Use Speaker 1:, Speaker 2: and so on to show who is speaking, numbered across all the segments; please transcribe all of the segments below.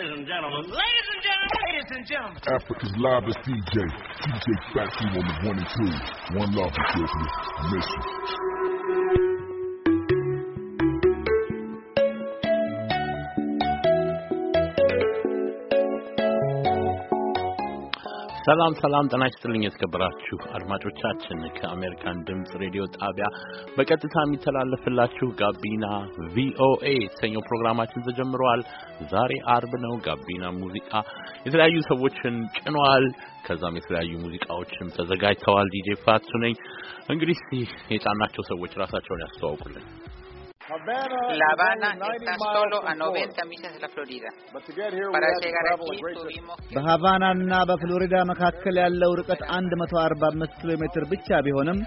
Speaker 1: Ladies and gentlemen, ladies and gentlemen, ladies and gentlemen. Africa's livest DJ, DJ Fatu on the one and two. One love, Christmas. Mission.
Speaker 2: ሰላም ሰላም፣ ጤና ይስጥልኝ የተከበራችሁ አድማጮቻችን ከአሜሪካን ድምፅ ሬዲዮ ጣቢያ በቀጥታ የሚተላለፍላችሁ ጋቢና ቪኦኤ የተሰኘው ፕሮግራማችን ተጀምረዋል። ዛሬ አርብ ነው። ጋቢና ሙዚቃ የተለያዩ ሰዎችን ጭኗል። ከዛም የተለያዩ ሙዚቃዎችም ተዘጋጅተዋል። ዲጄ ፋቱ ነኝ። እንግዲህ የጫናቸው ሰዎች ራሳቸውን ያስተዋውቁልን።
Speaker 3: La Habana está solo a 90 millas de la Florida. Para llegar aquí tuvimos በሃቫናና በፍሎሪዳ መካከል ያለው ርቀት 145 ኪሎ ሜትር ብቻ ቢሆንም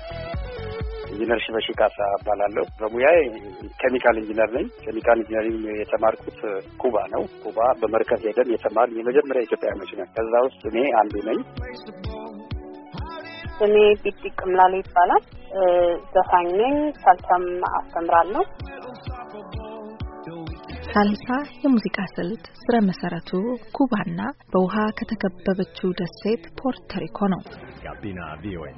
Speaker 4: ኢንጂነር ሽበሺ ካሳ እባላለሁ። በሙያ ኬሚካል ኢንጂነር ነኝ። ኬሚካል ኢንጂነሪንግ የተማርኩት ኩባ ነው። ኩባ በመርከብ ሄደን የተማርን የመጀመሪያ ኢትዮጵያውያኖች ነን። ከዛ ውስጥ እኔ አንዱ ነኝ።
Speaker 5: ስሜ ቢዲ ቅምላሌ ይባላል። ዘፋኝ ነኝ። ሳልሳም አስተምራለሁ።
Speaker 6: ሳልሳ የሙዚቃ ስልት ስረ መሰረቱ ኩባና በውሃ ከተከበበችው ደሴት ፖርቶሪኮ ነው።
Speaker 1: ጋቢና ቪኦኤ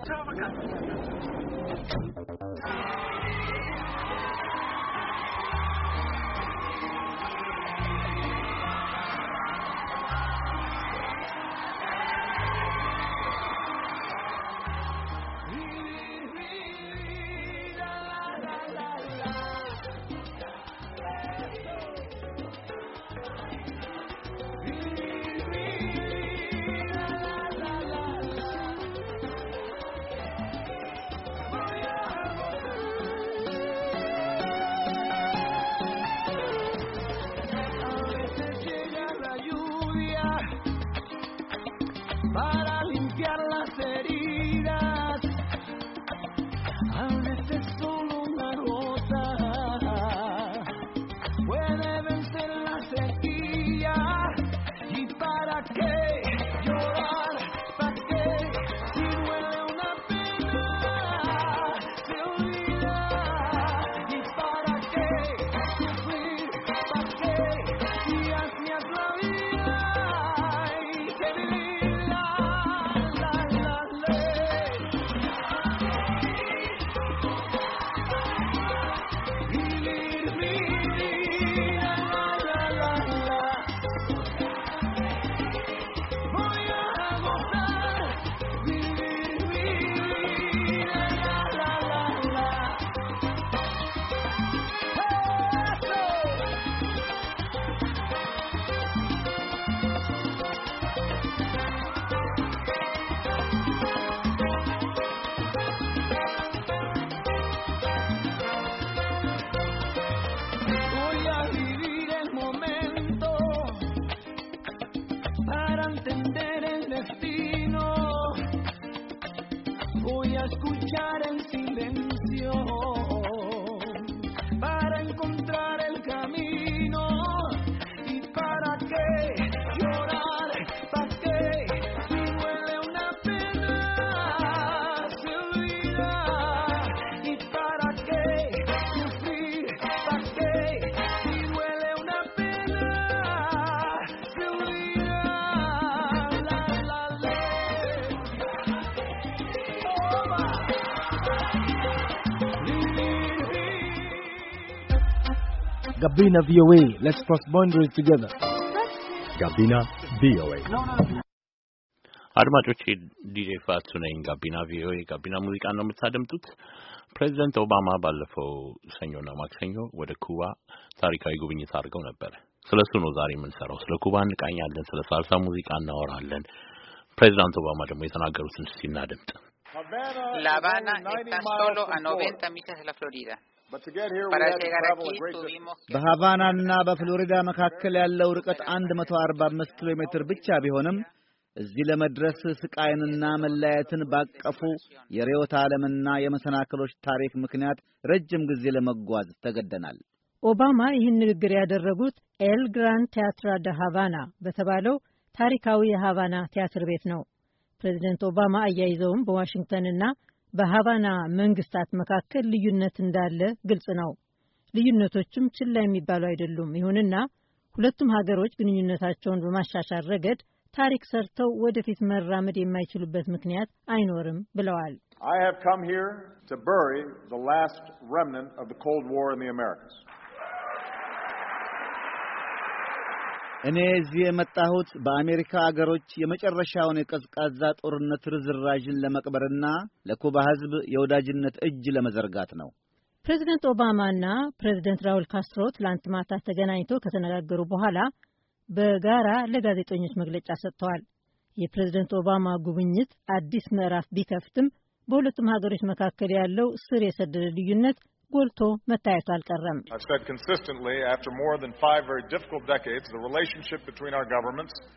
Speaker 1: Gabina VOA. Let's cross boundaries together።
Speaker 2: ጋቢና ቪኦኤ አድማጮች፣ ዲጄ ፋቱ ነኝ። ጋቢና ቪኦኤ ጋቢና ሙዚቃ ነው የምታደምጡት። ፕሬዚደንት ኦባማ ባለፈው ሰኞና ማክሰኞ ወደ ኩባ ታሪካዊ ጉብኝት አድርገው ነበር። ስለ እሱ ነው ዛሬ የምንሰራው። ስለ ኩባ እንቃኛለን፣ ስለ ሳልሳ ሙዚቃ እናወራለን። ፕሬዚዳንት ኦባማ ደግሞ የተናገሩትን ሲናደምጥ
Speaker 3: La ላባና está solo a 90 millas de በሃቫናና በፍሎሪዳ መካከል ያለው ርቀት 145 ኪሎ ሜትር ብቻ ቢሆንም እዚህ ለመድረስ ስቃይንና መለያየትን ባቀፉ የርዕዮተ ዓለምና የመሰናክሎች ታሪክ ምክንያት ረጅም ጊዜ ለመጓዝ ተገደናል።
Speaker 7: ኦባማ ይህን ንግግር ያደረጉት ኤል ግራን ቲያትራ ደ ሃቫና በተባለው ታሪካዊ የሃቫና ቲያትር ቤት ነው። ፕሬዚደንት ኦባማ አያይዘውም በዋሽንግተንና በሀቫና መንግስታት መካከል ልዩነት እንዳለ ግልጽ ነው። ልዩነቶችም ችላ የሚባሉ አይደሉም። ይሁንና ሁለቱም ሀገሮች ግንኙነታቸውን በማሻሻል ረገድ ታሪክ ሰርተው ወደፊት መራመድ የማይችሉበት ምክንያት አይኖርም ብለዋል።
Speaker 3: I have come here to bury the last remnant of the Cold War in the Americas. እኔ እዚህ የመጣሁት በአሜሪካ አገሮች የመጨረሻውን የቀዝቃዛ ጦርነት ርዝራዥን ለመቅበርና ለኩባ ሕዝብ የወዳጅነት እጅ ለመዘርጋት ነው።
Speaker 7: ፕሬዚደንት ኦባማና ፕሬዚደንት ራውል ካስትሮ ትላንት ማታ ተገናኝተው ከተነጋገሩ በኋላ በጋራ ለጋዜጠኞች መግለጫ ሰጥተዋል። የፕሬዚደንት ኦባማ ጉብኝት አዲስ ምዕራፍ ቢከፍትም በሁለቱም ሀገሮች መካከል ያለው ስር የሰደደ
Speaker 3: ልዩነት ጎልቶ መታየቱ አልቀረም።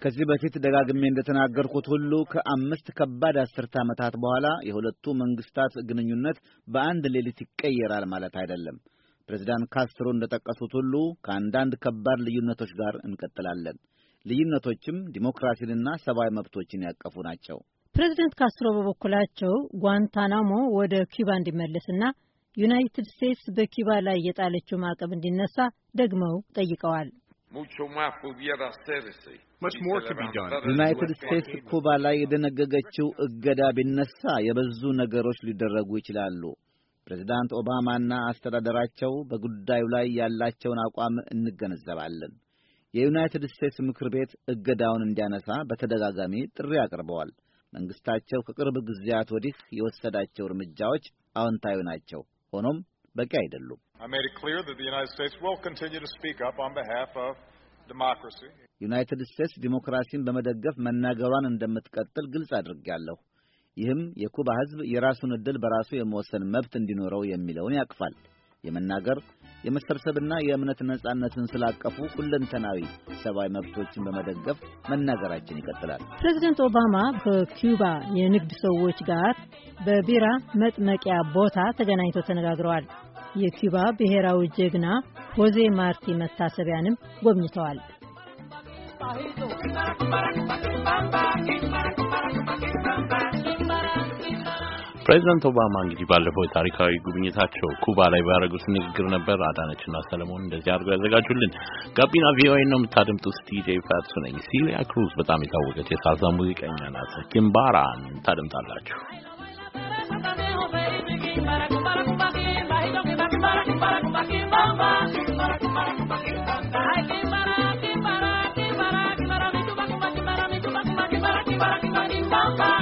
Speaker 3: ከዚህ በፊት ደጋግሜ እንደተናገርኩት ሁሉ ከአምስት ከባድ አስርት ዓመታት በኋላ የሁለቱ መንግስታት ግንኙነት በአንድ ሌሊት ይቀየራል ማለት አይደለም። ፕሬዚዳንት ካስትሮ እንደጠቀሱት ሁሉ ከአንዳንድ ከባድ ልዩነቶች ጋር እንቀጥላለን። ልዩነቶችም ዲሞክራሲንና ሰብአዊ መብቶችን ያቀፉ ናቸው።
Speaker 7: ፕሬዚደንት ካስትሮ በበኩላቸው ጓንታናሞ ወደ ኪባ እንዲመለስና ዩናይትድ ስቴትስ በኪባ ላይ የጣለችው ማዕቀብ እንዲነሳ ደግመው ጠይቀዋል።
Speaker 3: ዩናይትድ ስቴትስ ኩባ ላይ የደነገገችው እገዳ ቢነሳ የበዙ ነገሮች ሊደረጉ ይችላሉ። ፕሬዚዳንት ኦባማና አስተዳደራቸው በጉዳዩ ላይ ያላቸውን አቋም እንገነዘባለን። የዩናይትድ ስቴትስ ምክር ቤት እገዳውን እንዲያነሳ በተደጋጋሚ ጥሪ አቅርበዋል። መንግሥታቸው ከቅርብ ጊዜያት ወዲህ የወሰዳቸው እርምጃዎች አዎንታዊ ናቸው። ሆኖም በቂ አይደሉም። ዩናይትድ ስቴትስ ዲሞክራሲን በመደገፍ መናገሯን እንደምትቀጥል ግልጽ አድርጌያለሁ። ይህም የኩባ ሕዝብ የራሱን ዕድል በራሱ የመወሰን መብት እንዲኖረው የሚለውን ያቅፋል። የመናገር የመሰብሰብና የእምነት ነጻነትን ስላቀፉ ሁለንተናዊ ሰብአዊ መብቶችን በመደገፍ መናገራችን ይቀጥላል።
Speaker 7: ፕሬዚደንት ኦባማ ከኪዩባ የንግድ ሰዎች ጋር በቢራ መጥመቂያ ቦታ ተገናኝተው ተነጋግረዋል። የኪዩባ ብሔራዊ ጀግና ሆዜ ማርቲ መታሰቢያንም
Speaker 2: ጎብኝተዋል። Bye. ፕሬዚዳንት ኦባማ እንግዲህ ባለፈው ታሪካዊ ጉብኝታቸው ኩባ ላይ ባደረጉት ንግግር ነበር። አዳነችና ሰለሞን እንደዚህ አድርገው ያዘጋጁልን። ጋቢና ቪኦኤ ነው የምታደምጡት። ዲጄ ፋትሱ ነኝ። ሲሊያ ክሩዝ በጣም የታወቀች የሳልሳ ሙዚቀኛ ናት። ኪምባራን ታደምጣላችሁ። Bye.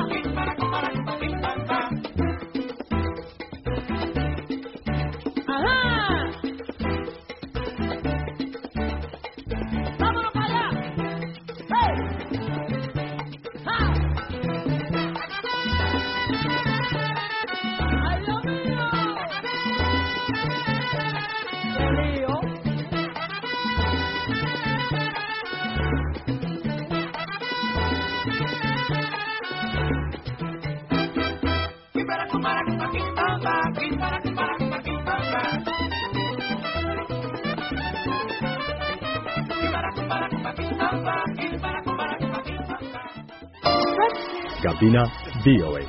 Speaker 2: ጋቢና ቪኦኤ።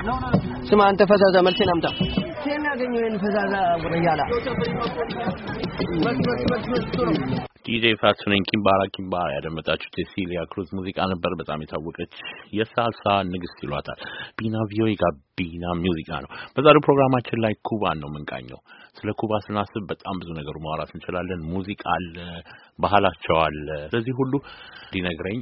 Speaker 1: ስማ አንተ ፈዛዛ
Speaker 3: መልሴን አምጣ።
Speaker 2: ዲጄ ፋሱኔን ኪምባራ ኪምባራ ያደመጣችሁት የሲሊያ ክሩዝ ሙዚቃ ነበር። በጣም የታወቀች የሳልሳ ንግስት ይሏታል። ቢና ቪኦኤ ጋቢና ሙዚቃ ነው። በዛሬው ፕሮግራማችን ላይ ኩባን ነው የምንቃኘው። ስለ ኩባ ስናስብ በጣም ብዙ ነገሩ ማውራት እንችላለን። ሙዚቃ አለ ባህላቸው አለ። ስለዚህ ሁሉ ሊነግረኝ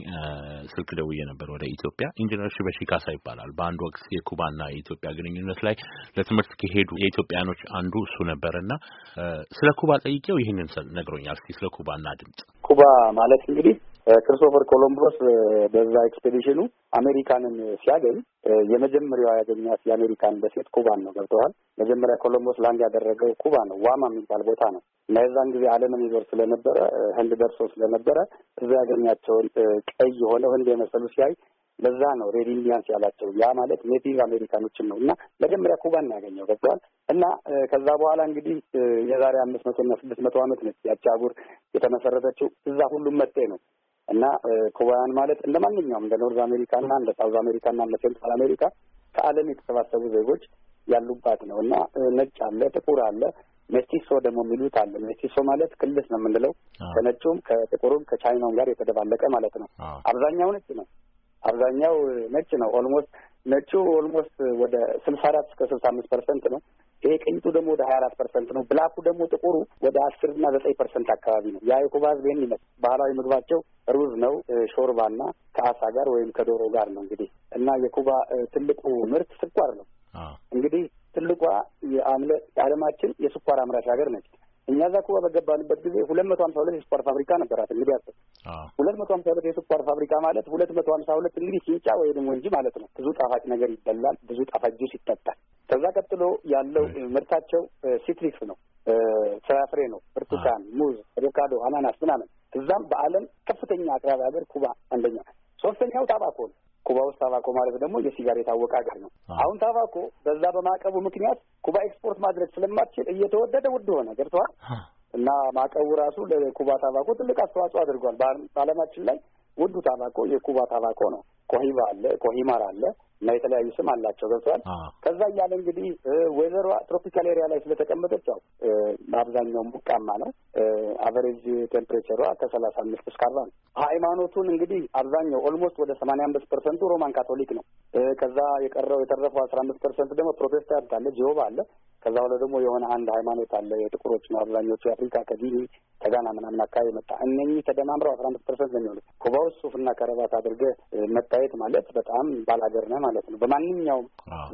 Speaker 2: ስልክ ደውዬ ነበር ወደ ኢትዮጵያ። ኢንጂነር ሽበሺ ካሳ ይባላል። በአንድ ወቅት የኩባና የኢትዮጵያ ግንኙነት ላይ ለትምህርት ከሄዱ የኢትዮጵያኖች አንዱ እሱ ነበርና ስለ ኩባ ጠይቄው ይህንን ነግሮኛል። እስኪ ስለ ኩባና ድምጽ
Speaker 4: ኩባ ማለት እንግዲህ ክርስቶፈር ኮሎምቦስ በዛ ኤክስፔዲሽኑ አሜሪካንን ሲያገኝ የመጀመሪያዋ ያገኛት የአሜሪካን ደሴት ኩባን ነው። ገብተዋል። መጀመሪያ ኮሎምቦስ ላንድ ያደረገው ኩባ ነው፣ ዋማ የሚባል ቦታ ነው። እና የዛን ጊዜ ዓለምን ይዞር ስለነበረ ህንድ ደርሶ ስለነበረ እዛ ያገኛቸውን ቀይ የሆነው ህንድ የመሰሉ ሲያይ በዛ ነው ሬድ ኢንዲያንስ ያላቸው። ያ ማለት ኔቲቭ አሜሪካኖችን ነው እና መጀመሪያ ኩባን ያገኘው ገብተዋል። እና ከዛ በኋላ እንግዲህ የዛሬ አምስት መቶ እና ስድስት መቶ ዓመት ነች ያቺ አህጉር የተመሰረተችው። እዛ ሁሉም መጤ ነው። እና ኩባውያን ማለት እንደ ማንኛውም እንደ ኖርዝ አሜሪካና እንደ ሳውዝ አሜሪካና እንደ ሴንትራል አሜሪካ ከዓለም የተሰባሰቡ ዜጎች ያሉባት ነው እና ነጭ አለ፣ ጥቁር አለ፣ ሜስቲሶ ደግሞ የሚሉት አለ። ሜስቲሶ ማለት ክልስ ነው የምንለው ከነጩም ከጥቁሩም ከቻይናውም ጋር የተደባለቀ ማለት ነው። አብዛኛው ነጭ ነው። አብዛኛው ነጭ ነው። ኦልሞስት ነጩ ኦልሞስት ወደ ስልሳ አራት እስከ ስልሳ አምስት ፐርሰንት ነው። ይሄ ቅኝቱ ደግሞ ወደ ሀያ አራት ፐርሰንት ነው። ብላኩ ደግሞ ጥቁሩ ወደ አስር እና ዘጠኝ ፐርሰንት አካባቢ ነው። የአይኩባ ህዝብ ይህን ይመስል ባህላዊ ምግባቸው ሩዝ ነው ሾርባና ከአሳ ጋር ወይም ከዶሮ ጋር ነው እንግዲህ እና የኩባ ትልቁ ምርት ስኳር ነው እንግዲህ ትልቋ የአምለ የዓለማችን የስኳር አምራች ሀገር ነች። እኛ እዛ ኩባ በገባንበት ጊዜ ሁለት መቶ ሀምሳ ሁለት የስኳር ፋብሪካ ነበራት። እንግዲህ አስብ ሁለት መቶ ሀምሳ ሁለት የስኳር ፋብሪካ ማለት ሁለት መቶ ሀምሳ ሁለት እንግዲህ ሲንጫ ወይ ደግሞ እንጂ ማለት ነው። ብዙ ጣፋጭ ነገር ይበላል፣ ብዙ ጣፋጭ ጁስ ይጠጣል። ከዛ ቀጥሎ ያለው ምርታቸው ሲትሪክስ ነው፣ ፍራፍሬ ነው፣ ብርቱካን፣ ሙዝ፣ አቮካዶ፣ አናናስ ምናምን። እዛም በዓለም ከፍተኛ አቅራቢ ሀገር ኩባ አንደኛ። ሶስተኛው ታባኮ ነው። ኩባ ውስጥ ታባኮ ማለት ደግሞ የሲጋሬት የታወቀ ሀገር ነው። አሁን ታባኮ በዛ በማዕቀቡ ምክንያት ኩባ ኤክስፖርት ማድረግ ስለማትችል እየተወደደ ውድ ሆነ። ገብተዋል እና ማዕቀቡ ራሱ ለኩባ ታባኮ ትልቅ አስተዋጽኦ አድርጓል። በዓለማችን ላይ ውዱ ታባኮ የኩባ ታባኮ ነው። ኮሂባ አለ፣ ኮሂማር አለ፣ እና የተለያዩ ስም አላቸው። ገብተዋል። ከዛ እያለ እንግዲህ ወይዘሯ ትሮፒካል ኤሪያ ላይ ስለተቀመጠች ያው በአብዛኛው ሙቃማ ነው። አቨሬጅ ቴምፕሬቸሯ ከሰላሳ አምስት እስከ አርባ ነው። ሃይማኖቱን እንግዲህ አብዛኛው ኦልሞስት ወደ ሰማንያ አምስት ፐርሰንቱ ሮማን ካቶሊክ ነው። ከዛ የቀረው የተረፈው አስራ አምስት ፐርሰንት ደግሞ ፕሮቴስታንት አለ፣ ጂሆባ አለ። ከዛ ሁለ ደግሞ የሆነ አንድ ሃይማኖት አለ የጥቁሮች ነው። አብዛኞቹ የአፍሪካ ከጊኒ ከጋና ምናምን አካባቢ መጣ። እነኚህ ተደማምረው አስራ አምስት ፐርሰንት ነው የሚሆኑት። ኩባ ውስጥ ሱፍና ከረባት አድርገህ መታየት ማለት በጣም ባላገር ነህ ማለት ማለት ነው። በማንኛውም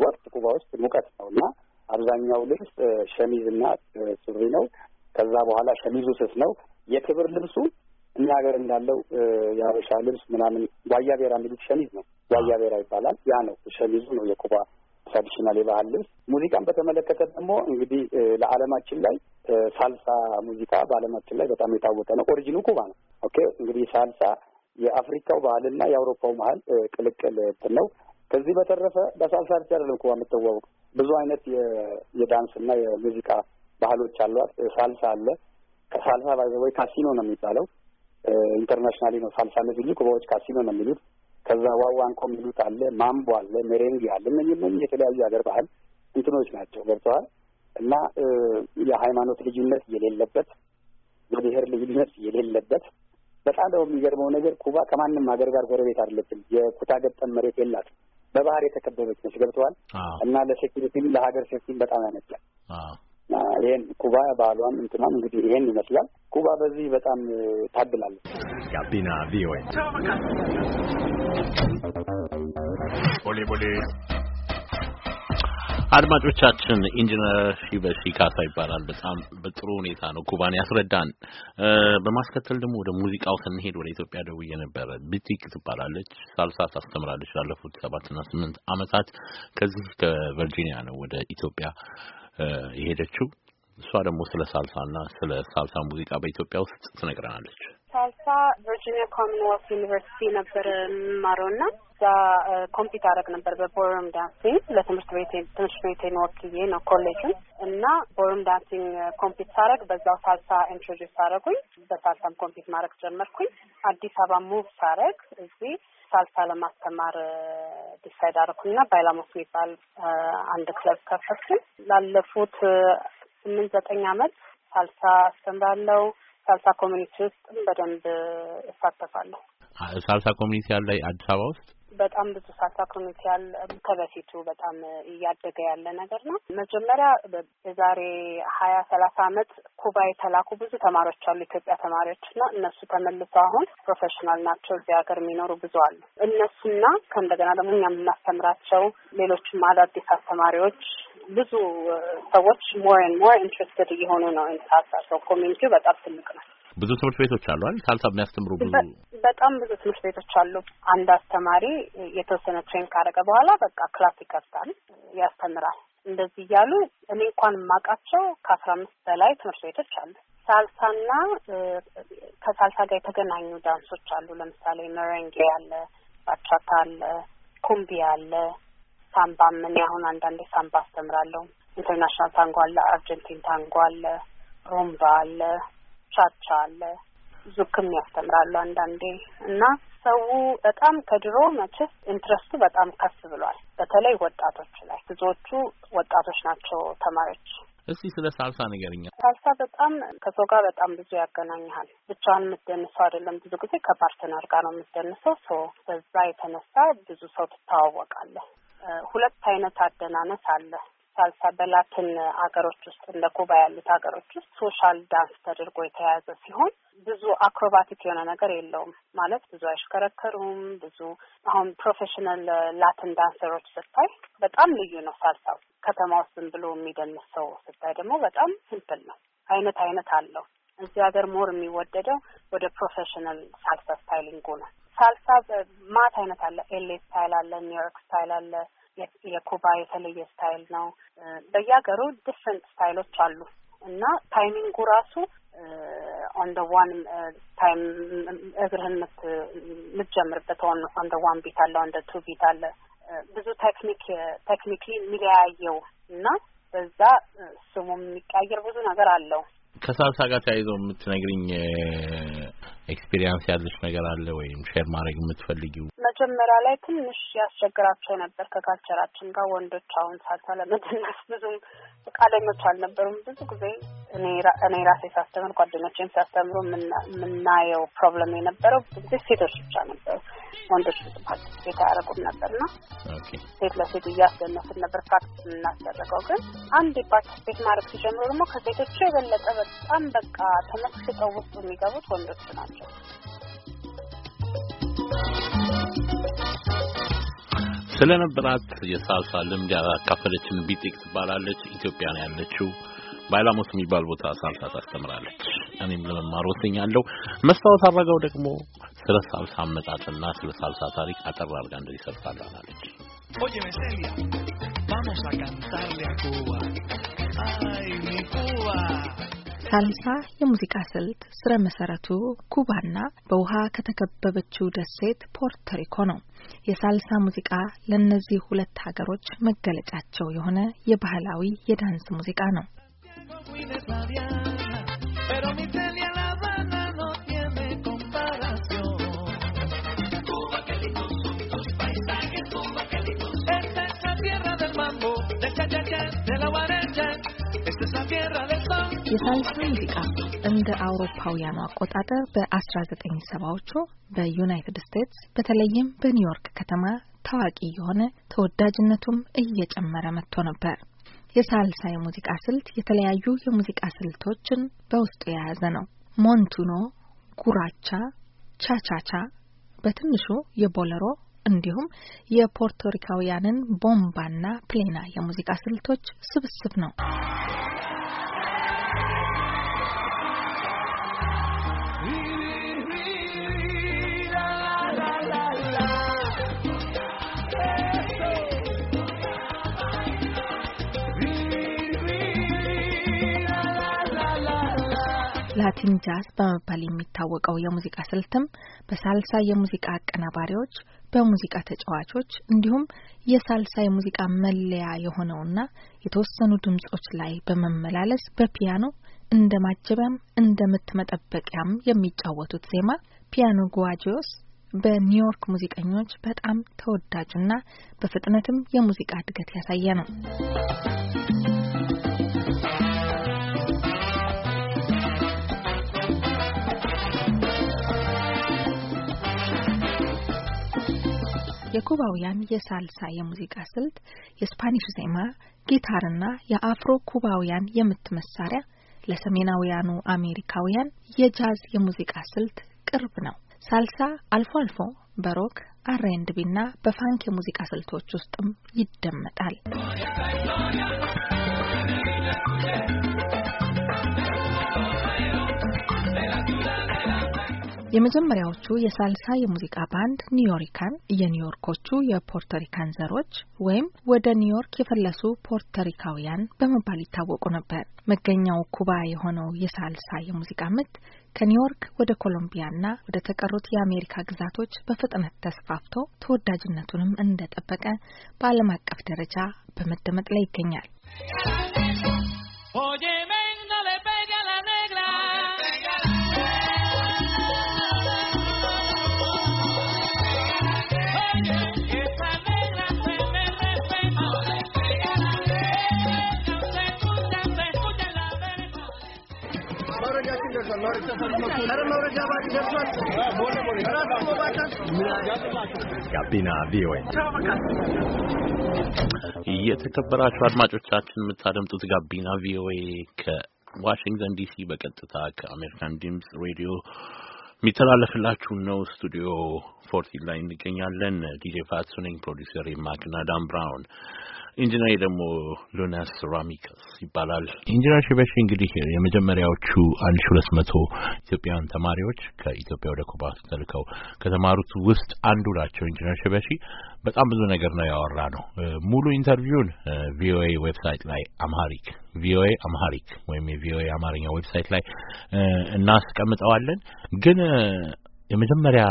Speaker 4: ወቅት ኩባ ውስጥ ሙቀት ነው እና አብዛኛው ልብስ ሸሚዝ ሱሪ ነው። ከዛ በኋላ ሸሚዙ ስስ ነው። የክብር ልብሱ እኛ ሀገር እንዳለው የሀበሻ ልብስ ምናምን ዋያ ቤራ የሚሉት ሸሚዝ ነው። ዋያ ቤራ ይባላል። ያ ነው ሸሚዙ ነው የኩባ ትራዲሽናል የባህል ልብስ። ሙዚቃን በተመለከተ ደግሞ እንግዲህ ለዓለማችን ላይ ሳልሳ ሙዚቃ በዓለማችን ላይ በጣም የታወቀ ነው። ኦሪጂኑ ኩባ ነው። ኦኬ እንግዲህ ሳልሳ የአፍሪካው ባህልና የአውሮፓው ባህል ቅልቅል ነው። ከዚህ በተረፈ በሳልሳ ብቻ አይደለም እኮ የምትዋወቅ ብዙ አይነት የዳንስ እና የሙዚቃ ባህሎች አሏት። ሳልሳ አለ። ከሳልሳ ወይ ካሲኖ ነው የሚባለው። ኢንተርናሽናሊ ነው ሳልሳ ሲሉ ኩባዎች ካሲኖ ነው የሚሉት። ከዛ ዋዋንኮ የሚሉት አለ፣ ማምቦ አለ፣ ሜሬንግ አለ። እነዚህ ነ የተለያዩ ሀገር ባህል እንትኖች ናቸው። ገብተዋል እና የሃይማኖት ልዩነት የሌለበት የብሔር ልዩነት የሌለበት በጣም ደግሞ የሚገርመው ነገር ኩባ ከማንም ሀገር ጋር ጎረቤት አይደለችም። የኩታ ገጠም መሬት የላትም። በባህር የተከበበች ነች። ገብተዋል እና ለሴኪሪቲም ለሀገር ሴፍቲም በጣም ያመጣል። ይህን ኩባ ባህሏን እንትኗም እንግዲህ ይሄን ይመስላል። ኩባ በዚህ በጣም ታድላለች።
Speaker 2: ጋቢና ቪኦኤ ቦሌ ቦሌ አድማጮቻችን ኢንጂነር ሺበሺ ካሳ ይባላል። በጣም በጥሩ ሁኔታ ነው ኩባን ያስረዳን። በማስከተል ደግሞ ወደ ሙዚቃው ስንሄድ ወደ ኢትዮጵያ ደውዬ ነበረ። ቢቲክ ትባላለች፣ ሳልሳ ታስተምራለች ላለፉት ሰባትና ስምንት ዓመታት። ከዚህ ከቨርጂኒያ ነው ወደ ኢትዮጵያ የሄደችው። እሷ ደግሞ ስለ ሳልሳና ስለ ሳልሳ ሙዚቃ በኢትዮጵያ ውስጥ ትነግረናለች።
Speaker 5: ሳልሳ ቨርጂኒያ ኮመንዌልት ዩኒቨርሲቲ ነበር የምማረው ና እዛ ኮምፒት አደረግ ነበር በቦሮም ዳንሲንግ ለትምህርት ቤቴ ትምህርት ቤቴን ወክዬ ነው ኮሌጅን እና ቦሮም ዳንሲንግ ኮምፒት ሳረግ በዛው ሳልሳ ኢንትሮዲስ አረጉኝ። በሳልሳም ኮምፒት ማድረግ ጀመርኩኝ። አዲስ አበባ ሙቭ ሳረግ እዚህ ሳልሳ ለማስተማር ዲሳይድ አረኩኝ ና ባይላሞስ የሚባል አንድ ክለብ ከፈትኩኝ። ላለፉት ስምንት ዘጠኝ አመት ሳልሳ አስተምራለው። ሳልሳ ኮሚኒቲ ውስጥ በደንብ እሳተፋለሁ።
Speaker 2: ሳልሳ ኮሚኒቲ አለ አዲስ አበባ ውስጥ
Speaker 5: በጣም ብዙ ሳታ ኮሚቴያል ከበፊቱ በጣም እያደገ ያለ ነገር ነው። መጀመሪያ የዛሬ ሀያ ሰላሳ አመት ኩባ የተላኩ ብዙ ተማሪዎች አሉ ኢትዮጵያ ተማሪዎች እና እነሱ ተመልሶ አሁን ፕሮፌሽናል ናቸው። እዚህ ሀገር የሚኖሩ ብዙ አሉ። እነሱና ከእንደገና ደግሞ እኛ የምናስተምራቸው ሌሎችም አዳዲስ አስተማሪዎች ብዙ ሰዎች ሞር ን ሞር ኢንትረስትድ እየሆኑ ነው። ኢንሳሳቸው ኮሚኒቲው በጣም ትልቅ ነው።
Speaker 2: ብዙ ትምህርት ቤቶች አሉ አይደል? ሳልሳ የሚያስተምሩ ብዙ
Speaker 5: በጣም ብዙ ትምህርት ቤቶች አሉ። አንድ አስተማሪ የተወሰነ ትሬን ካደረገ በኋላ በቃ ክላስ ይከፍታል፣ ያስተምራል። እንደዚህ እያሉ እኔ እንኳን የማውቃቸው ከአስራ አምስት በላይ ትምህርት ቤቶች አሉ። ሳልሳና ከሳልሳ ጋር የተገናኙ ዳንሶች አሉ። ለምሳሌ መረንጌ አለ፣ ባቻታ አለ፣ ኩምቢ አለ፣ ሳምባ ምን አሁን አንዳንዴ ሳምባ አስተምራለሁ። ኢንተርናሽናል ታንጎ አለ፣ አርጀንቲን ታንጎ አለ፣ ሩምባ አለ ቻቻ አለ፣ ዙክም ያስተምራሉ አንዳንዴ እና ሰው በጣም ከድሮ መቼስ ኢንትረስቱ በጣም ከፍ ብሏል። በተለይ ወጣቶች ላይ ብዙዎቹ ወጣቶች ናቸው ተማሪዎች።
Speaker 2: እስቲ ስለ ሳልሳ ንገሪኝ።
Speaker 5: ሳልሳ በጣም ከሰው ጋር በጣም ብዙ ያገናኝሃል። ብቻዋን የምትደንሰው አይደለም። ብዙ ጊዜ ከፓርትነር ጋር ነው የምትደንሰው። ሰ በዛ የተነሳ ብዙ ሰው ትተዋወቃለህ። ሁለት አይነት አደናነስ አለ። ሳልሳ በላቲን አገሮች ውስጥ እንደ ኩባ ያሉት ሀገሮች ውስጥ ሶሻል ዳንስ ተደርጎ የተያያዘ ሲሆን ብዙ አክሮባቲክ የሆነ ነገር የለውም። ማለት ብዙ አይሽከረከሩም። ብዙ አሁን ፕሮፌሽናል ላቲን ዳንሰሮች ስታይ በጣም ልዩ ነው ሳልሳው። ከተማ ውስጥ ዝም ብሎ የሚደንስ ሰው ስታይ ደግሞ በጣም ሲምፕል ነው። አይነት አይነት አለው። እዚህ ሀገር ሞር የሚወደደው ወደ ፕሮፌሽናል ሳልሳ ስታይሊንጉ ነው። ሳልሳ ማት አይነት አለ። ኤሌ ስታይል አለ፣ ኒውዮርክ ስታይል አለ የኩባ የተለየ ስታይል ነው። በየሀገሩ ዲፍረንት ስታይሎች አሉ እና ታይሚንጉ ራሱ ኦን ደ ዋን ታይም እግርህን የምትጀምርበት ኦን ደ ዋን ቢት አለ፣ ኦን ደ ቱ ቢት አለ። ብዙ ቴክኒክ ቴክኒክሊ የሚለያየው እና በዛ ስሙ የሚቀያየር ብዙ ነገር አለው።
Speaker 2: ከሳልሳ ጋር ተያይዘው የምትነግርኝ ኤክስፒሪየንስ ያለሽ ነገር አለ ወይም ሼር ማድረግ የምትፈልጊው?
Speaker 5: መጀመሪያ ላይ ትንሽ ያስቸግራቸው ነበር ከካልቸራችን ጋር ወንዶች አሁን ሳልተለመድና ብዙም ፈቃደኞች አልነበሩም ብዙ ጊዜ እኔ ራሴ ሳስተምር ጓደኞቼም ሲያስተምሩ የምናየው ፕሮብለም የነበረው ብዙ ጊዜ ሴቶች ብቻ ነበሩ። ወንዶች ብዙ ፓርቲስፔት አያደርጉም ነበርና ሴት ለሴት እያስደነፍን ነበር ፕራክቲስ የምናስደረገው። ግን አንድ ፓርቲስፔት ማድረግ ሲጀምሩ ደግሞ ከሴቶቹ የበለጠ በጣም በቃ ተመስጠው ውስጡ የሚገቡት ወንዶች ናቸው።
Speaker 2: ስለነበራት የሳልሳ ልምድ ያካፈለችን ቢጤቅ ትባላለች። ኢትዮጵያ ነው ያለችው። ባይላሞስ የሚባል ቦታ ሳልሳ ታስተምራለች። እኔም ለመማር ወስኛለሁ። መስታወት አረጋው ደግሞ ስለ ሳልሳ አመጣጥና ስለ ሳልሳ ታሪክ አጠር አድርጋ እንደዚህ ሰርታላለች።
Speaker 1: Óyeme Celia, vamos a cantarle a Cuba. Ay, mi Cuba.
Speaker 6: ሳልሳ የሙዚቃ ስልት ስረ መሰረቱ ኩባና በውሃ ከተከበበችው ደሴት ፖርቶሪኮ ነው። የሳልሳ ሙዚቃ ለእነዚህ ሁለት ሀገሮች መገለጫቸው የሆነ የባህላዊ የዳንስ ሙዚቃ ነው።
Speaker 1: የሳልሳ ሙዚቃ
Speaker 6: እንደ አውሮፓውያኑ አቆጣጠር በ1970ዎቹ በዩናይትድ ስቴትስ በተለይም በኒውዮርክ ከተማ ታዋቂ የሆነ ተወዳጅነቱም እየጨመረ መጥቶ ነበር። የሳልሳ የሙዚቃ ስልት የተለያዩ የሙዚቃ ስልቶችን በውስጡ የያዘ ነው። ሞንቱኖ፣ ጉራቻ፣ ቻቻቻ፣ በትንሹ የቦለሮ እንዲሁም የፖርቶሪካውያንን ቦምባና ፕሌና የሙዚቃ ስልቶች ስብስብ ነው። ላቲን ጃዝ በመባል የሚታወቀው የሙዚቃ ስልትም በሳልሳ የሙዚቃ አቀናባሪዎች፣ በሙዚቃ ተጫዋቾች እንዲሁም የሳልሳ የሙዚቃ መለያ የሆነውና የተወሰኑ ድምጾች ላይ በመመላለስ በፒያኖ እንደ ማጀቢያም እንደ ምት መጠበቂያም የሚጫወቱት ዜማ ፒያኖ ጓጂዮስ በኒውዮርክ ሙዚቀኞች በጣም ተወዳጁና በፍጥነትም የሙዚቃ እድገት ያሳየ ነው። የኩባውያን የሳልሳ የሙዚቃ ስልት የስፓኒሽ ዜማ፣ ጊታርና የአፍሮ ኩባውያን የምት መሳሪያ ለሰሜናውያኑ አሜሪካውያን የጃዝ የሙዚቃ ስልት ቅርብ ነው። ሳልሳ አልፎ አልፎ በሮክ አርኤንድቢ በፋንክ የሙዚቃ ስልቶች ውስጥም ይደመጣል። የመጀመሪያዎቹ የሳልሳ የሙዚቃ ባንድ ኒውዮሪካን የኒውዮርኮቹ የፖርቶሪካን ዘሮች ወይም ወደ ኒውዮርክ የፈለሱ ፖርቶሪካውያን በመባል ይታወቁ ነበር። መገኛው ኩባ የሆነው የሳልሳ የሙዚቃ ምት ከኒውዮርክ ወደ ኮሎምቢያና ወደ ተቀሩት የአሜሪካ ግዛቶች በፍጥነት ተስፋፍቶ ተወዳጅነቱንም እንደጠበቀ በዓለም አቀፍ ደረጃ በመደመጥ ላይ ይገኛል።
Speaker 1: እጃችን ደርሷል።
Speaker 2: ጋቢና ቪኦኤ
Speaker 1: የተከበራችሁ
Speaker 2: አድማጮቻችን የምታደምጡት ጋቢና ቪኦኤ ከዋሽንግተን ዲሲ በቀጥታ ከአሜሪካን ድምፅ ሬዲዮ የሚተላለፍላችሁ ነው። ስቱዲዮ ፎርቲን ላይ እንገኛለን። ዲጄ ፋትሱ ነኝ። ፕሮዲውሰር የማክና ዳም ብራውን ኢንጂነር ደግሞ ሉናስ ሴራሚክስ ይባላል። ኢንጂነር ሽበሺ እንግዲህ የመጀመሪያዎቹ አንድ ሺ ሁለት መቶ ኢትዮጵያውያን ተማሪዎች ከኢትዮጵያ ወደ ኩባ ተልከው ከተማሩት ውስጥ አንዱ ናቸው። ኢንጂነር ሽበሺ በጣም ብዙ ነገር ነው ያወራ ነው። ሙሉ ኢንተርቪውን ቪኦኤ ዌብሳይት ላይ አምሃሪክ ቪኦኤ አምሃሪክ ወይም የቪኦኤ አማርኛ ዌብሳይት ላይ እናስቀምጠዋለን ግን የመጀመሪያ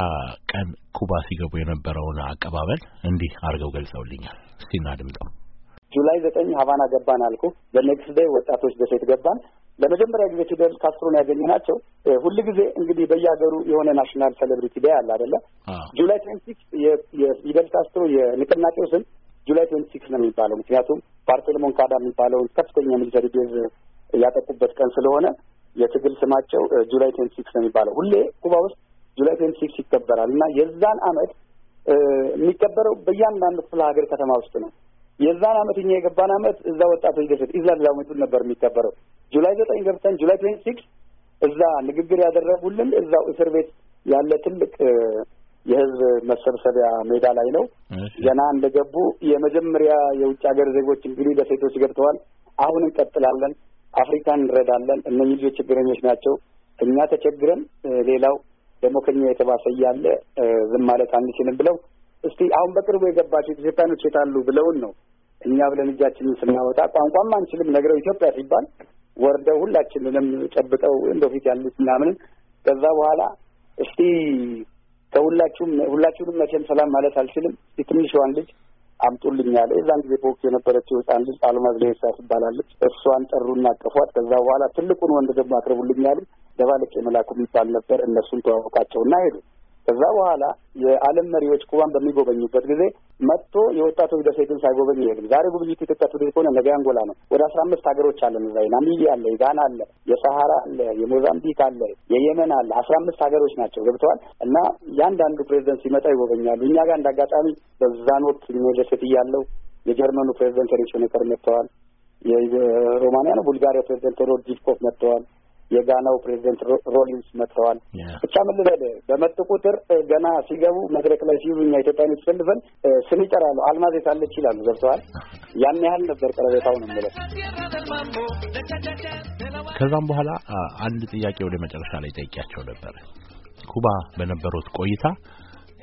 Speaker 2: ቀን ኩባ ሲገቡ የነበረውን አቀባበል እንዲህ አድርገው ገልጸውልኛል። እስቲ እናድምጠው።
Speaker 4: ጁላይ ዘጠኝ ሀቫና ገባን አልኩ። በኔክስት ዴይ ወጣቶች ደሴት ገባን። ለመጀመሪያ ጊዜ ፊደል ካስትሮን ያገኘ ናቸው። ጊዜ እንግዲህ በየሀገሩ የሆነ ናሽናል ሴሌብሪቲ ዴይ አለ አደለ? ጁላይ ትዌንቲ ሲክስ የፊደል ካስትሮ የንቅናቄው ስም ጁላይ ትዌንቲ ሲክስ ነው የሚባለው ምክንያቱም ፓርቴል ሞንካዳ የሚባለውን ከፍተኛ ሚሊተሪ ቤዝ ያጠቁበት ቀን ስለሆነ የትግል ስማቸው ጁላይ ትዌንቲ ሲክስ ነው የሚባለው። ሁሌ ኩባ ውስጥ ጁላይ ትዌንቲ ሲክስ ይከበራል እና የዛን አመት የሚከበረው በእያንዳንዱ ክፍለ ሀገር ከተማ ውስጥ ነው። የዛን አመት እኛ የገባን አመት እዛ ወጣቶች ደርሰት እዛ ዛመቱን ነበር የሚከበረው። ጁላይ ዘጠኝ ገብተን ጁላይ ትዌንቲ ሲክስ እዛ ንግግር ያደረጉልን እዛው እስር ቤት ያለ ትልቅ የህዝብ መሰብሰቢያ ሜዳ ላይ ነው። ገና እንደገቡ የመጀመሪያ የውጭ ሀገር ዜጎች እንግዲህ በሴቶች ገብተዋል። አሁን እንቀጥላለን፣ አፍሪካን እንረዳለን፣ እነኚህ ልጆች ችግረኞች ናቸው፣ እኛ ተቸግረን ሌላው ደግሞ ከኛ የተባሰ እያለ ዝም ማለት አንችልም ብለው እስቲ አሁን በቅርቡ የገባቸው ኢትዮጵያኖች የታሉ ብለውን ነው እኛ ብለን እጃችንን ስናወጣ ቋንቋም አንችልም ነግረው ኢትዮጵያ ሲባል ወርደው ሁላችንንም ጨብጠው እንደፊት ያሉት ምናምን ከዛ በኋላ እስቲ ከሁላችሁም ሁላችሁንም መቼም ሰላም ማለት አልችልም የትንሿን ልጅ አምጡልኛል። የዛን ጊዜ በወቅቱ የነበረችው ህፃን ልጅ አልማዝ ሌሳ ትባላለች። እሷን ጠሩና አቀፏት። ከዛ በኋላ ትልቁን ወንድ ደግሞ አቅርቡልኛሉ። ደባለቄ መላኩ የሚባል ነበር። እነሱን ተዋወቃቸውና ሄዱ። ከዛ በኋላ የዓለም መሪዎች ኩባን በሚጎበኙበት ጊዜ መጥቶ የወጣቶች ደሴትን ሳይጎበኝ ይሄድም። ዛሬ ጉብኝት የኢትዮጵያ ቱሪስት ከሆነ ነገ አንጎላ ነው። ወደ አስራ አምስት ሀገሮች አለን እዛ ናሚቢያ አለ፣ የጋና አለ፣ የሰሃራ አለ፣ የሞዛምቢክ አለ፣ የየመን አለ። አስራ አምስት ሀገሮች ናቸው ገብተዋል። እና ያንዳንዱ ፕሬዚደንት ሲመጣ ይጎበኛሉ። እኛ ጋር እንደ አጋጣሚ በዛን ወቅት ደሴት እያለው የጀርመኑ ፕሬዚደንት ሪስ መጥተዋል። የሮማንያ ነው ቡልጋሪያ ፕሬዚደንት ሮድ ዲፍኮፍ መጥተዋል። የጋናው ፕሬዚደንት ሮሊንስ መጥተዋል። ብቻ ምን ልበል በመጡ ቁጥር ገና ሲገቡ መድረክ ላይ ሲሉ እኛ ኢትዮጵያን የተሰልፈን ስም ይጠራሉ። አልማዝ የታለች ይላሉ። ገብተዋል። ያን ያህል ነበር ቀረቤታው ነው የምለው።
Speaker 2: ከዛም በኋላ አንድ ጥያቄ ወደ መጨረሻ ላይ ጠይቂያቸው ነበር። ኩባ በነበሩት ቆይታ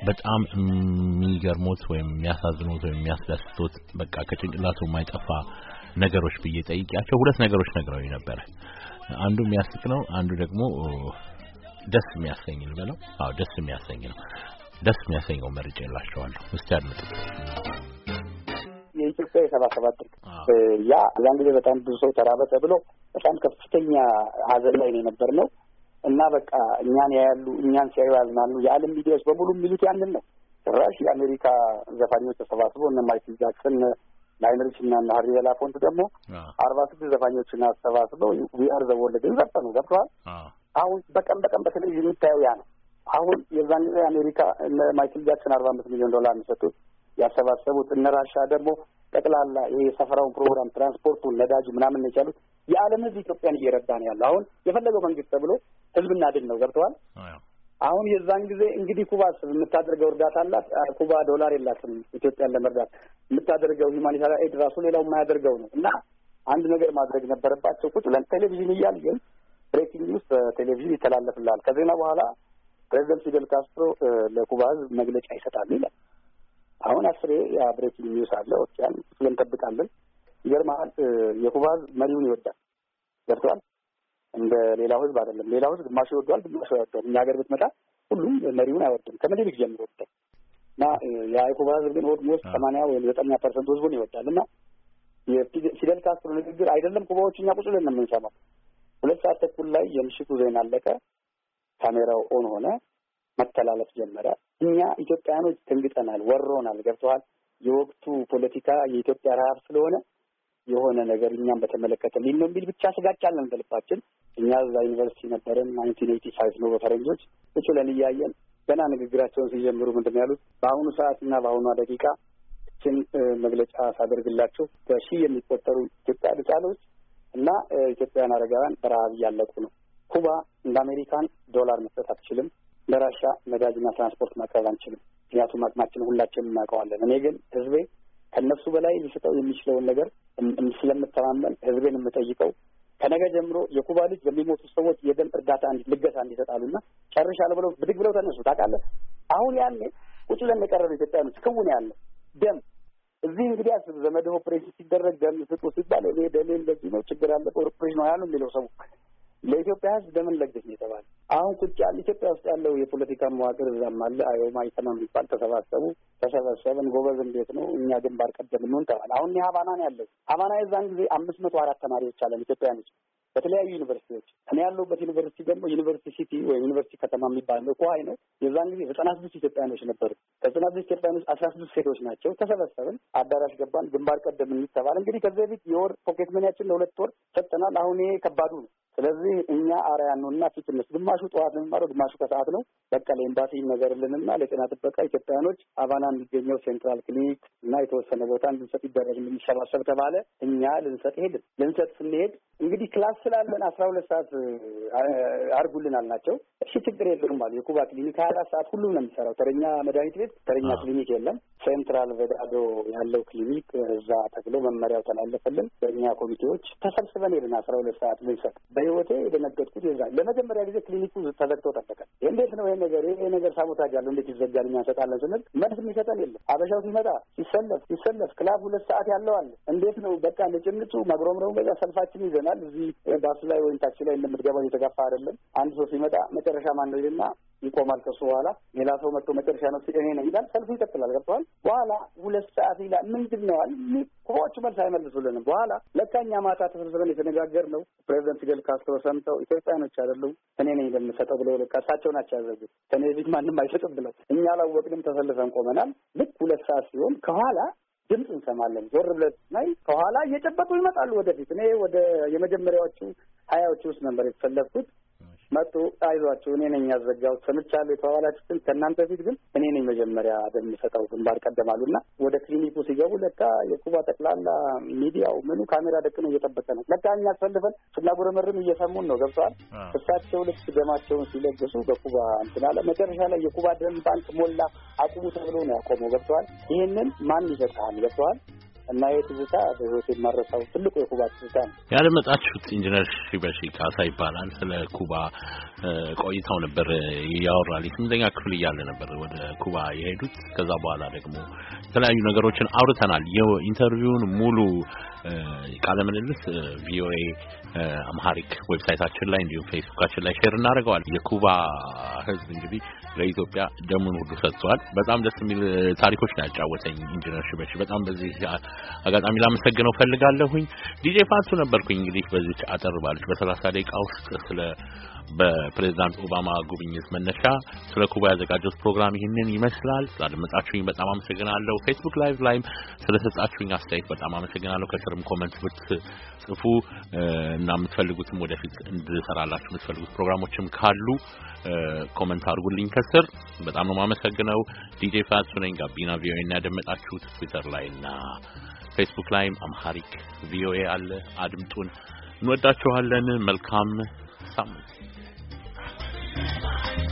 Speaker 2: በጣም የሚገርሙት ወይም የሚያሳዝኑት ወይም የሚያስደስቱት በቃ ከጭንቅላቱ የማይጠፋ ነገሮች ብዬ ጠይቂያቸው ሁለት ነገሮች ነግረውኝ ነበረ። አንዱ የሚያስቅ ነው፣ አንዱ ደግሞ ደስ የሚያሰኝ ነው ልበለው። አዎ ደስ የሚያሰኝ ነው። ደስ የሚያሰኘው መርጬ እላቸዋለሁ። እስቲ አድምጡት።
Speaker 4: የኢትዮጵያ የሰባ ሰባት ድርቅ ያ እዛን ጊዜ በጣም ብዙ ሰው ተራበ ተብሎ በጣም ከፍተኛ ሀዘን ላይ ነው የነበር ነው እና በቃ እኛን ያያሉ፣ እኛን ሲያዩ ያዝናሉ። የዓለም ሚዲያዎች በሙሉ የሚሉት ያንን ነው። ጭራሽ የአሜሪካ ዘፋኞች ተሰባስበው እነ ማይክል ጃክሰን ናይመሪች እና ሀሪበላ ቤላፎንት ደግሞ አርባ ስድስት ዘፋኞችን አሰባስበው ዊአር ዘወለድን ዘፈኑ ገብተዋል። አሁን በቀን በቀን በተለይ የሚታየው ያ ነው። አሁን የዛን ጊዜ አሜሪካ ማይክል ጃክሰን አርባ አምስት ሚሊዮን ዶላር የሚሰጡት ያሰባሰቡት እነ ራሻ ደግሞ ጠቅላላ ይሄ የሰፈራውን ፕሮግራም ትራንስፖርቱን፣ ነዳጁ ምናምን ነው የቻሉት። የዓለም ህዝብ ኢትዮጵያን እየረዳ ነው ያለው። አሁን የፈለገው መንግስት ተብሎ ህዝብና እናድን ነው ገብተዋል። አሁን የዛን ጊዜ እንግዲህ ኩባ የምታደርገው እርዳታ አላት። ኩባ ዶላር የላትም ኢትዮጵያን ለመርዳት የምታደርገው ማኒታ ኤድ ራሱ ሌላው የማያደርገው ነው እና አንድ ነገር ማድረግ ነበረባቸው። ቁጭ ብለን ቴሌቪዥን ግን ብሬኪንግ ኒውስ በቴሌቪዥን ይተላለፍላል። ከዜና በኋላ ፕሬዚደንት ፊደል ካስትሮ ለኩባ ህዝብ መግለጫ ይሰጣሉ ይላል። አሁን አስሬ ያ ብሬኪንግ ኒውስ አለ። ኦኬ ስለንጠብቃለን። ይገርምሃል፣ የኩባ መሪውን ይወዳል። ገብተዋል እንደ ሌላው ህዝብ አይደለም። ሌላው ህዝብ ግማሹ ይወደዋል፣ ግማሹ አይወደዋል። እኛ ሀገር ብትመጣ ሁሉም መሪውን አይወድም ከምኒልክ ጀምሮ ወደል እና የአይኮባ ህዝብ ግን ኦልሞስት ሰማንያ ወይም ዘጠኛ ፐርሰንት ህዝቡን ይወዳል እና የፊደል ካስትሮ ንግግር አይደለም ኩባዎች እኛ ቁጭ ብለን ነው የምንሰማው። ሁለት ሰዓት ተኩል ላይ የምሽቱ ዜና አለቀ፣ ካሜራው ኦን ሆነ፣ መተላለፍ ጀመረ። እኛ ኢትዮጵያኖች ደንግጠናል፣ ወሮናል። ገብተዋል። የወቅቱ ፖለቲካ የኢትዮጵያ ረሀብ ስለሆነ የሆነ ነገር እኛም በተመለከተ ሊል ነው የሚል ብቻ ስጋት ያለን በልባችን። እኛ እዛ ዩኒቨርሲቲ ነበረን። ናይንቲን ኤይቲ ፋይቭ ነው በፈረንጆች እችለን እያየን ገና ንግግራቸውን ሲጀምሩ ምንድን ነው ያሉት? በአሁኑ ሰዓት እና በአሁኗ ደቂቃ ችን መግለጫ ሳደርግላችሁ በሺህ የሚቆጠሩ ኢትዮጵያ ህጻኖች እና ኢትዮጵያውያን አረጋውያን በረሀብ እያለቁ ነው። ኩባ እንደ አሜሪካን ዶላር መስጠት አትችልም። ለራሻ ነዳጅና ትራንስፖርት ማቅረብ አንችልም። ምክንያቱም አቅማችን ሁላችንም እናውቀዋለን። እኔ ግን ህዝቤ ከእነሱ በላይ ሊሰጠው የሚችለውን ነገር ስለምተማመን ህዝቤን የምጠይቀው ከነገ ጀምሮ የኩባ ልጅ በሚሞቱ ሰዎች የደም እርዳታ ልገሳ እንዲሰጣሉና ጨርሻለሁ ብለው ብድግ ብለው ተነሱ። ታውቃለህ አሁን ያኔ ቁጭ ብለን የቀረሩ ኢትዮጵያኖች ክውን ያለ ደም እዚህ እንግዲህ አስብ ዘመድህ ኦፕሬሽን ሲደረግ ደም ስጡ ሲባል እኔ ደሜ እንደዚህ ነው ችግር አለ ኦፕሬሽን ያሉ የሚለው ሰው ለኢትዮጵያ ሕዝብ ደምን ለግስ የተባለ አሁን ቁጭ ያለ ኢትዮጵያ ውስጥ ያለው የፖለቲካ መዋቅር እዛም አለ። አዮማ ይተማ የሚባል ተሰባሰቡ፣ ተሰበሰብን። ጎበዝ እንዴት ነው እኛ ግንባር ቀደም ምን ተባለ። አሁን ሀቫና ነው ያለው። ሀቫና የዛን ጊዜ አምስት መቶ አራት ተማሪዎች አለን ኢትዮጵያውያኖች በተለያዩ ዩኒቨርሲቲዎች እኔ ያለሁበት ዩኒቨርሲቲ ደግሞ ዩኒቨርሲቲ ሲቲ ወይም ዩኒቨርሲቲ ከተማ የሚባል ነው። ኳይ ነው። የዛን ጊዜ ዘጠና ስድስት ኢትዮጵያኖች ነበሩ። ከዘጠና ስድስት ኢትዮጵያኖች አስራ ስድስት ሴቶች ናቸው። ተሰበሰብን፣ አዳራሽ ገባን። ግንባር ቀደም እንተባል። እንግዲህ ከዚህ በፊት የወር ፖኬት መኒያችን ለሁለት ወር ሰጠናል። አሁን ይሄ ከባዱ ነው። ስለዚህ እኛ አርያ እና ፊትነስ ግማሹ ጠዋት ነው የሚማረው፣ ግማሹ ከሰዓት ነው። በቃ ለኤምባሲ ይነገርልንና ለጤና ጥበቃ ኢትዮጵያውያኖች አቫና የሚገኘው ሴንትራል ክሊኒክ እና የተወሰነ ቦታ እንድንሰጥ ይደረግ የሚሰባሰብ ተባለ። እኛ ልንሰጥ ሄድን። ልንሰጥ ስንሄድ እንግዲህ ክላስ ስላለን አስራ ሁለት ሰዓት አርጉልን ናቸው። እሺ ችግር የለውም አሉ። የኩባ ክሊኒክ ሀያ አራት ሰዓት ሁሉም ነው የሚሰራው። ተረኛ መድኃኒት ቤት፣ ተረኛ ክሊኒክ የለም። ሴንትራል ቬዳዶ ያለው ክሊኒክ እዛ ተብሎ መመሪያው ተላለፈልን። በእኛ ኮሚቴዎች ተሰብስበን ሄድን። አስራ ሁለት ሰዓት ልንሰጥ በህይወቴ የደነገጥኩት የዛ ለመጀመሪያ ጊዜ ክሊኒኩ ተዘግቶ ጠበቀ። እንዴት ነው ይሄ ነገር ይሄ ነገር ሳቦታጅ አለው እንዴት ይዘጋል? እኛ እንሰጣለን ስንል መልስ የሚሰጠን የለም። አበሻው ሲመጣ ሲሰለፍ ሲሰለፍ ክላስ ሁለት ሰዓት ያለዋል። እንዴት ነው በቃ እንደ ጭምጡ በዛ ሰልፋችን ይዘን ይሆናል። እዚህ ባሱ ላይ ወይም ታክሲ ላይ እንደምትገባው እየተጋፋ አይደለም። አንድ ሰው ሲመጣ መጨረሻ ማን ነው ይልና ይቆማል። ከሱ በኋላ ሌላ ሰው መጥቶ መጨረሻ ነው እኔ ነው ይላል። ሰልፉ ይቀጥላል። ገብተዋል። በኋላ ሁለት ሰዓት ይላል። ምንድን ነዋል? አለ መልስ አይመልሱልንም። በኋላ ለካኛ ማታ ተሰብስበን የተነጋገርነው ፕሬዚደንት ፊደል ካስትሮ ሰምተው ኢትዮጵያኖች አይደሉም እኔ ነኝ ለምሰጠው ብለው ልካ እሳቸው ናቸው ያዘጉት። ከኔ ፊት ማንም አይሰጥም ብለው እኛ አላወቅንም። ተሰልፈን ቆመናል። ልክ ሁለት ሰዓት ሲሆን ከኋላ ድምፅ እንሰማለን። ዞር ብለን ስናይ ከኋላ እየጨበጡ ይመጣሉ ወደፊት። እኔ ወደ የመጀመሪያዎቹ ሀያዎች ውስጥ ነበር የተሰለፍኩት። መጡ። አይዟቸው እኔ ነኝ ያዘጋሁት ሰምቻለሁ የተባባላችሁትን ከእናንተ ፊት ግን እኔ ነኝ መጀመሪያ ደም ሰጠው ግንባር ቀደማሉ እና ወደ ክሊኒኩ ሲገቡ ለካ የኩባ ጠቅላላ ሚዲያው ምኑ ካሜራ ደቅኖ እየጠበቀ ነው። ለካ እኛ አስፈልፈን ስናጉረመርም እየሰሙን ነው። ገብተዋል። እሳቸው ልክ ደማቸውን ሲለግሱ በኩባ እንትን አለ። መጨረሻ ላይ የኩባ ደም ባንክ ሞላ። አቁሙ ተብሎ ነው ያቆመው። ገብተዋል። ይህንን ማን ይሰጥሃል? ገብተዋል እና ይህ ትዝታ በህይወት የማረሳው ትልቁ የኩባ ትዝታ ነው።
Speaker 2: ያደመጣችሁት ኢንጂነር ሺበሺ ካሳ ይባላል። ስለ ኩባ ቆይተው ነበር ያወራል። የስምንተኛ ክፍል እያለ ነበር ወደ ኩባ የሄዱት። ከዛ በኋላ ደግሞ የተለያዩ ነገሮችን አውርተናል። የኢንተርቪውን ሙሉ ቃለ ምልልስ ቪኦኤ አምሃሪክ ዌብሳይታችን ላይ እንዲሁም ፌስቡካችን ላይ ሼር እናደርገዋል። የኩባ ሕዝብ እንግዲህ ለኢትዮጵያ ደሙን ሁሉ ሰጥቷል። በጣም ደስ የሚል ታሪኮች ነው ያጫወተኝ ኢንጂነር ሽበሽ። በጣም በዚህ አጋጣሚ ላመሰግነው ፈልጋለሁኝ። ዲጄ ፋንሱ ነበርኩኝ እንግዲህ በዚች አጠር ባለች በሰላሳ ደቂቃ ውስጥ ስለ የፕሬዚዳንት ኦባማ ጉብኝት መነሻ ስለ ኩባ ያዘጋጀሁት ፕሮግራም ይህንን ይመስላል። ስላደመጣችሁኝ በጣም አመሰግናለሁ። ፌስቡክ ላይቭ ላይም ስለሰጣችሁኝ አስተያየት በጣም አመሰግናለሁ። ከስርም ኮመንት ብትጽፉ እና የምትፈልጉትም ወደፊት እንድሰራላችሁ የምትፈልጉት ፕሮግራሞችም ካሉ ኮመንት አድርጉልኝ ከስር። በጣም ነው የማመሰግነው። ዲጄ ፋሱ ነኝ። ጋቢና ቪኦኤ እና ያደመጣችሁት ትዊተር ላይ እና ፌስቡክ ላይም አምሃሪክ ቪኦኤ አለ። አድምጡን። እንወዳችኋለን። መልካም ሳምንት Bye.